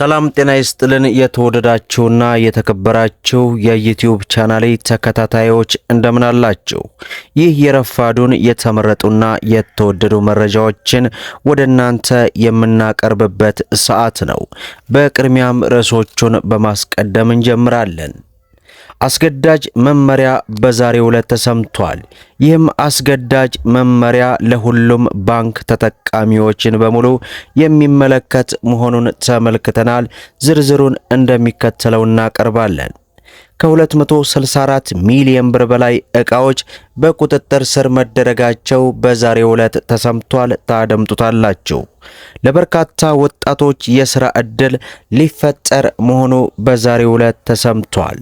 ሰላም ጤና ይስጥልን። የተወደዳችሁና የተከበራችሁ የዩቲዩብ ቻናሌ ተከታታዮች እንደምን አላችሁ? ይህ የረፋዱን የተመረጡና የተወደዱ መረጃዎችን ወደ እናንተ የምናቀርብበት ሰዓት ነው። በቅድሚያም ርዕሶቹን በማስቀደም እንጀምራለን። አስገዳጅ መመሪያ በዛሬው ዕለት ተሰምቷል። ይህም አስገዳጅ መመሪያ ለሁሉም ባንክ ተጠቃሚዎችን በሙሉ የሚመለከት መሆኑን ተመልክተናል። ዝርዝሩን እንደሚከተለው እናቀርባለን። ከ264 ሚሊዮን ብር በላይ ዕቃዎች በቁጥጥር ስር መደረጋቸው በዛሬው ዕለት ተሰምቷል። ታደምጡታላችሁ። ለበርካታ ወጣቶች የሥራ ዕድል ሊፈጠር መሆኑ በዛሬው ዕለት ተሰምቷል።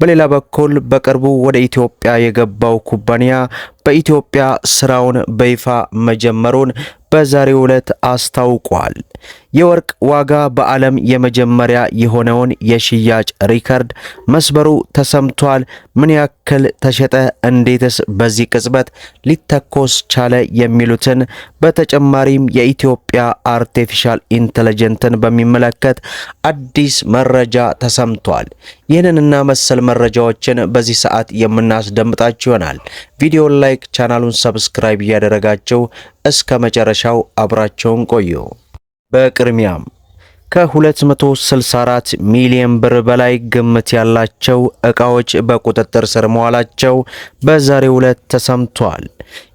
በሌላ በኩል በቅርቡ ወደ ኢትዮጵያ የገባው ኩባንያ በኢትዮጵያ ስራውን በይፋ መጀመሩን በዛሬው ዕለት አስታውቋል። የወርቅ ዋጋ በዓለም የመጀመሪያ የሆነውን የሽያጭ ሪከርድ መስበሩ ተሰምቷል። ምን ያክል ተሸጠ? እንዴትስ በዚህ ቅጽበት ሊተኮስ ቻለ? የሚሉትን በተጨማሪም የኢትዮጵያ አርቲፊሻል ኢንተለጀንትን በሚመለከት አዲስ መረጃ ተሰምቷል። ይህንንና መሰል መረጃዎችን በዚህ ሰዓት የምናስደምጣችሁ ይሆናል። ቪዲዮን ላይ ላይክ፣ ቻናሉን ሰብስክራይብ እያደረጋቸው እስከ መጨረሻው አብራቸውን ቆዩ። በቅድሚያም ከ264 ሚሊዮን ብር በላይ ግምት ያላቸው ዕቃዎች በቁጥጥር ስር መዋላቸው በዛሬው ዕለት ተሰምቷል።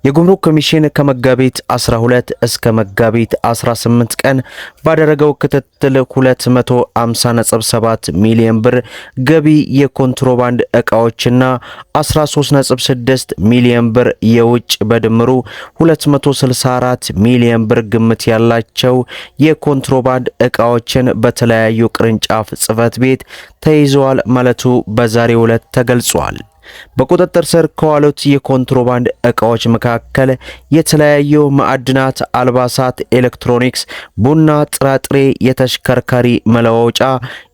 የጉምሩክ ኮሚሽን ከመጋቢት 12 እስከ መጋቢት 18 ቀን ባደረገው ክትትል 250.7 ሚሊዮን ብር ገቢ የኮንትሮባንድ እቃዎችና 13.6 ሚሊዮን ብር የውጭ በድምሩ 264 ሚሊዮን ብር ግምት ያላቸው የኮንትሮባንድ እቃዎችን በተለያዩ ቅርንጫፍ ጽህፈት ቤት ተይዘዋል ማለቱ በዛሬው ዕለት ተገልጿል። በቁጥጥር ስር ከዋሉት የኮንትሮባንድ ዕቃዎች መካከል የተለያዩ ማዕድናት፣ አልባሳት፣ ኤሌክትሮኒክስ፣ ቡና፣ ጥራጥሬ፣ የተሽከርካሪ መለዋወጫ፣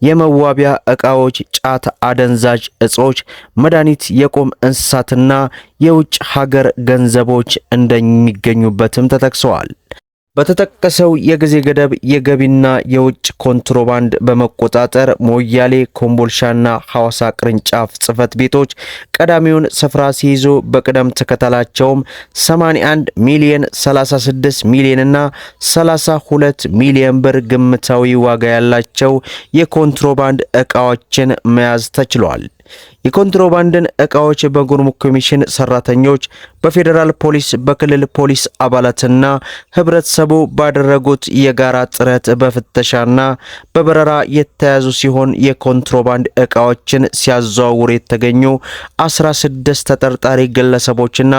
የመዋቢያ ዕቃዎች፣ ጫት፣ አደንዛዥ እጾች፣ መድኃኒት፣ የቁም እንስሳትና የውጭ ሀገር ገንዘቦች እንደሚገኙበትም ተጠቅሰዋል። በተጠቀሰው የጊዜ ገደብ የገቢና የውጭ ኮንትሮባንድ በመቆጣጠር ሞያሌ፣ ኮምቦልሻና ሐዋሳ ቅርንጫፍ ጽህፈት ቤቶች ቀዳሚውን ስፍራ ሲይዙ በቅደም ተከተላቸውም 81 ሚሊየን፣ 36 ሚሊየንና 32 ሚሊየን ብር ግምታዊ ዋጋ ያላቸው የኮንትሮባንድ ዕቃዎችን መያዝ ተችሏል። የኮንትሮባንድን እቃዎች በጉምሩክ ኮሚሽን ሰራተኞች፣ በፌዴራል ፖሊስ፣ በክልል ፖሊስ አባላትና ህብረተሰቡ ባደረጉት የጋራ ጥረት በፍተሻና በበረራ የተያዙ ሲሆን የኮንትሮባንድ እቃዎችን ሲያዘዋውሩ የተገኙ 16 ተጠርጣሪ ግለሰቦችና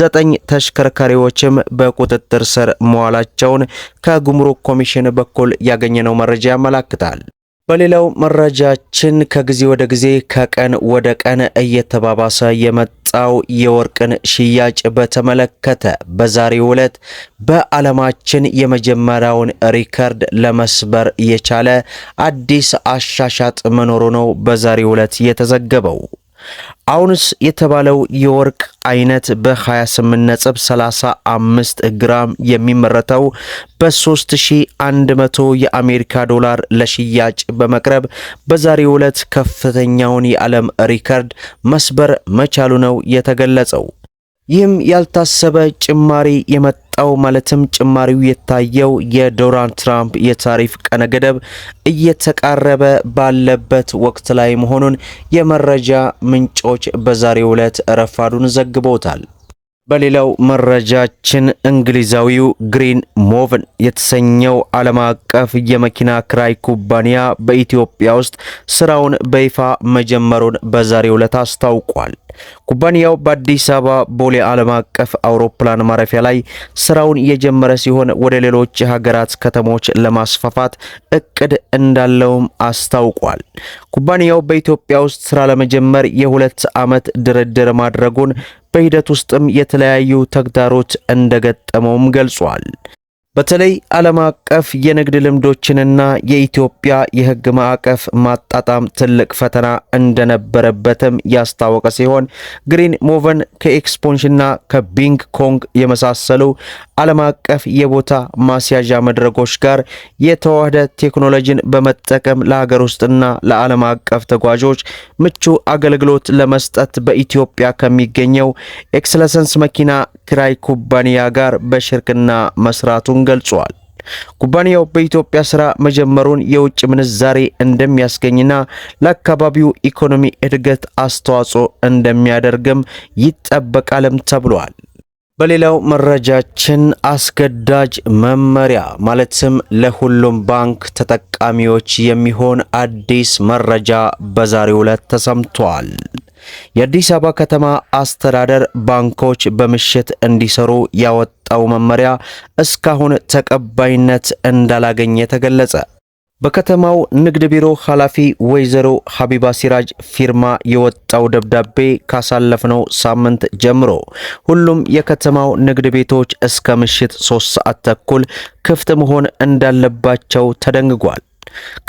ዘጠኝ ተሽከርካሪዎችም በቁጥጥር ስር መዋላቸውን ከጉምሩክ ኮሚሽን በኩል ያገኘነው መረጃ ያመላክታል። በሌላው መረጃችን ከጊዜ ወደ ጊዜ ከቀን ወደ ቀን እየተባባሰ የመጣው የወርቅን ሽያጭ በተመለከተ በዛሬው ዕለት በዓለማችን የመጀመሪያውን ሪከርድ ለመስበር የቻለ አዲስ አሻሻጥ መኖሩ ነው በዛሬው ዕለት የተዘገበው። አውንስ የተባለው የወርቅ አይነት በ 28 35 ግራም የሚመረተው በ3100 የአሜሪካ ዶላር ለሽያጭ በመቅረብ በዛሬው ዕለት ከፍተኛውን የዓለም ሪከርድ መስበር መቻሉ ነው የተገለጸው። ይህም ያልታሰበ ጭማሪ የመጣ የወጣው ማለትም ጭማሪው የታየው የዶናልድ ትራምፕ የታሪፍ ቀነ ገደብ እየተቃረበ ባለበት ወቅት ላይ መሆኑን የመረጃ ምንጮች በዛሬው ዕለት ረፋዱን ዘግበውታል። በሌላው መረጃችን እንግሊዛዊው ግሪን ሞቭን የተሰኘው ዓለም አቀፍ የመኪና ክራይ ኩባንያ በኢትዮጵያ ውስጥ ስራውን በይፋ መጀመሩን በዛሬው ዕለት አስታውቋል። ኩባንያው በአዲስ አበባ ቦሌ ዓለም አቀፍ አውሮፕላን ማረፊያ ላይ ስራውን የጀመረ ሲሆን ወደ ሌሎች የሀገራት ከተሞች ለማስፋፋት እቅድ እንዳለውም አስታውቋል። ኩባንያው በኢትዮጵያ ውስጥ ስራ ለመጀመር የሁለት ዓመት ድርድር ማድረጉን በሂደት ውስጥም የተለያዩ ተግዳሮች እንደገጠመውም ገልጿል። በተለይ ዓለም አቀፍ የንግድ ልምዶችንና የኢትዮጵያ የሕግ ማዕቀፍ ማጣጣም ትልቅ ፈተና እንደነበረበትም ያስታወቀ ሲሆን ግሪን ሞቨን ከኤክስፖንሽና ከቢንግ ኮንግ የመሳሰሉ ዓለም አቀፍ የቦታ ማስያዣ መድረኮች ጋር የተዋህደ ቴክኖሎጂን በመጠቀም ለሀገር ውስጥና ለዓለም አቀፍ ተጓዦች ምቹ አገልግሎት ለመስጠት በኢትዮጵያ ከሚገኘው ኤክስለሰንስ መኪና ክራይ ኩባንያ ጋር በሽርክና መስራቱን ገልጿል። ኩባንያው በኢትዮጵያ ስራ መጀመሩን የውጭ ምንዛሬ እንደሚያስገኝና ለአካባቢው ኢኮኖሚ እድገት አስተዋጽኦ እንደሚያደርግም ይጠበቃልም ተብሏል። በሌላው መረጃችን አስገዳጅ መመሪያ ማለትም ለሁሉም ባንክ ተጠቃሚዎች የሚሆን አዲስ መረጃ በዛሬው ዕለት ተሰምቷል። የአዲስ አበባ ከተማ አስተዳደር ባንኮች በምሽት እንዲሰሩ ያወጣው መመሪያ እስካሁን ተቀባይነት እንዳላገኘ ተገለጸ። በከተማው ንግድ ቢሮ ኃላፊ ወይዘሮ ሀቢባ ሲራጅ ፊርማ የወጣው ደብዳቤ ካሳለፍነው ሳምንት ጀምሮ ሁሉም የከተማው ንግድ ቤቶች እስከ ምሽት ሶስት ሰዓት ተኩል ክፍት መሆን እንዳለባቸው ተደንግጓል።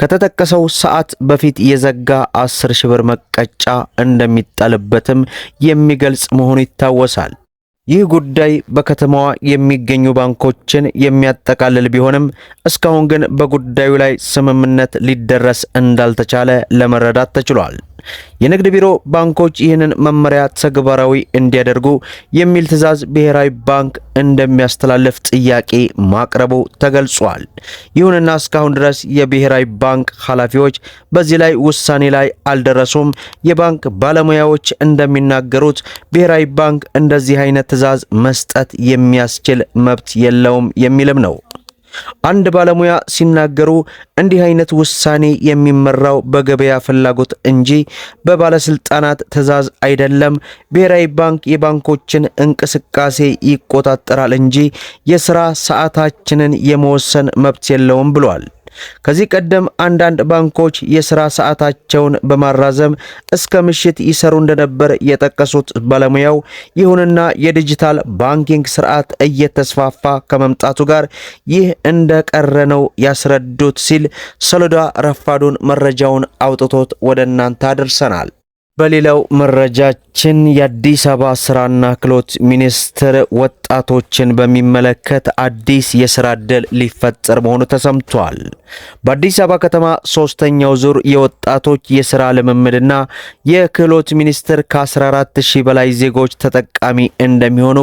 ከተጠቀሰው ሰዓት በፊት የዘጋ አስር ሺህ ብር መቀጫ እንደሚጣልበትም የሚገልጽ መሆኑ ይታወሳል። ይህ ጉዳይ በከተማዋ የሚገኙ ባንኮችን የሚያጠቃልል ቢሆንም እስካሁን ግን በጉዳዩ ላይ ስምምነት ሊደረስ እንዳልተቻለ ለመረዳት ተችሏል። የንግድ ቢሮ ባንኮች ይህንን መመሪያ ተግባራዊ እንዲያደርጉ የሚል ትዕዛዝ ብሔራዊ ባንክ እንደሚያስተላልፍ ጥያቄ ማቅረቡ ተገልጿል። ይሁንና እስካሁን ድረስ የብሔራዊ ባንክ ኃላፊዎች በዚህ ላይ ውሳኔ ላይ አልደረሱም። የባንክ ባለሙያዎች እንደሚናገሩት ብሔራዊ ባንክ እንደዚህ አይነት ትዕዛዝ መስጠት የሚያስችል መብት የለውም የሚልም ነው። አንድ ባለሙያ ሲናገሩ እንዲህ አይነት ውሳኔ የሚመራው በገበያ ፍላጎት እንጂ በባለስልጣናት ትዕዛዝ አይደለም። ብሔራዊ ባንክ የባንኮችን እንቅስቃሴ ይቆጣጠራል እንጂ የስራ ሰዓታችንን የመወሰን መብት የለውም ብሏል። ከዚህ ቀደም አንዳንድ ባንኮች የስራ ሰዓታቸውን በማራዘም እስከ ምሽት ይሰሩ እንደነበር የጠቀሱት ባለሙያው፣ ይሁንና የዲጂታል ባንኪንግ ስርዓት እየተስፋፋ ከመምጣቱ ጋር ይህ እንደቀረ ነው ያስረዱት ሲል ሰሎዳ ረፋዱን መረጃውን አውጥቶት ወደ እናንተ አድርሰናል። በሌላው መረጃችን የአዲስ አበባ ስራና ክህሎት ሚኒስቴር ወጣቶችን በሚመለከት አዲስ የስራ ዕድል ሊፈጠር መሆኑ ተሰምቷል። በአዲስ አበባ ከተማ ሶስተኛው ዙር የወጣቶች የስራ ልምምድና የክህሎት ሚኒስቴር ከ14 ሺህ በላይ ዜጎች ተጠቃሚ እንደሚሆኑ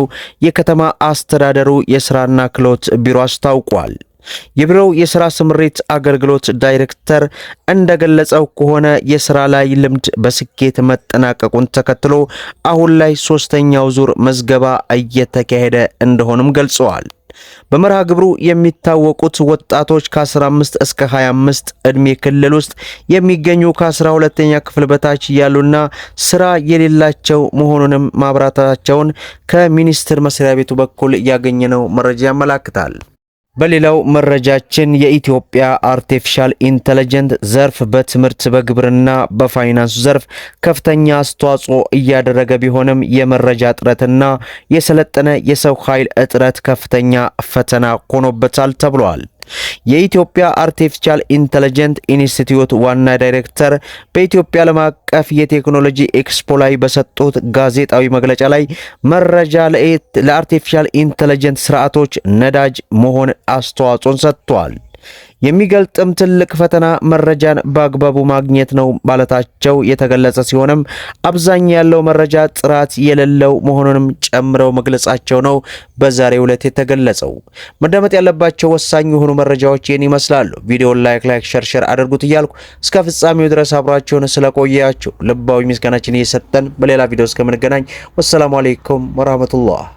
የከተማ አስተዳደሩ የስራና ክህሎት ቢሮ አስታውቋል። የቢሮው የስራ ስምሪት አገልግሎት ዳይሬክተር እንደገለጸው ከሆነ የስራ ላይ ልምድ በስኬት መጠናቀቁን ተከትሎ አሁን ላይ ሶስተኛው ዙር መዝገባ እየተካሄደ እንደሆነም ገልጸዋል። በመርሃ ግብሩ የሚታወቁት ወጣቶች ከ15 እስከ 25 እድሜ ክልል ውስጥ የሚገኙ ከ12ኛ ክፍል በታች ያሉና ስራ የሌላቸው መሆኑንም ማብራታቸውን ከሚኒስቴር መስሪያ ቤቱ በኩል ያገኘነው መረጃ ያመላክታል። በሌላው መረጃችን የኢትዮጵያ አርቲፊሻል ኢንተለጀንት ዘርፍ በትምህርት በግብርና፣ በፋይናንስ ዘርፍ ከፍተኛ አስተዋጽኦ እያደረገ ቢሆንም የመረጃ እጥረትና የሰለጠነ የሰው ኃይል እጥረት ከፍተኛ ፈተና ሆኖበታል ተብሏል። የኢትዮጵያ አርቲፊሻል ኢንተለጀንት ኢንስቲትዩት ዋና ዳይሬክተር በኢትዮጵያ ዓለም አቀፍ የቴክኖሎጂ ኤክስፖ ላይ በሰጡት ጋዜጣዊ መግለጫ ላይ መረጃ ለአርቲፊሻል ኢንተለጀንት ስርዓቶች ነዳጅ መሆን አስተዋጽኦን ሰጥቷል። የሚገልጥም ትልቅ ፈተና መረጃን በአግባቡ ማግኘት ነው ማለታቸው የተገለጸ ሲሆንም አብዛኛው ያለው መረጃ ጥራት የሌለው መሆኑንም ጨምረው መግለጻቸው ነው በዛሬው ዕለት የተገለጸው። መደመጥ ያለባቸው ወሳኝ የሆኑ መረጃዎች ይህን ይመስላሉ። ቪዲዮን ላይክ ላይክ ሸርሸር አድርጉት እያልኩ እስከ ፍጻሜው ድረስ አብራችሁን ስለቆያችሁ ልባዊ ምስጋናችን እየሰጠን በሌላ ቪዲዮ እስከምንገናኝ ወሰላሙ አሌይኩም ወራህመቱላህ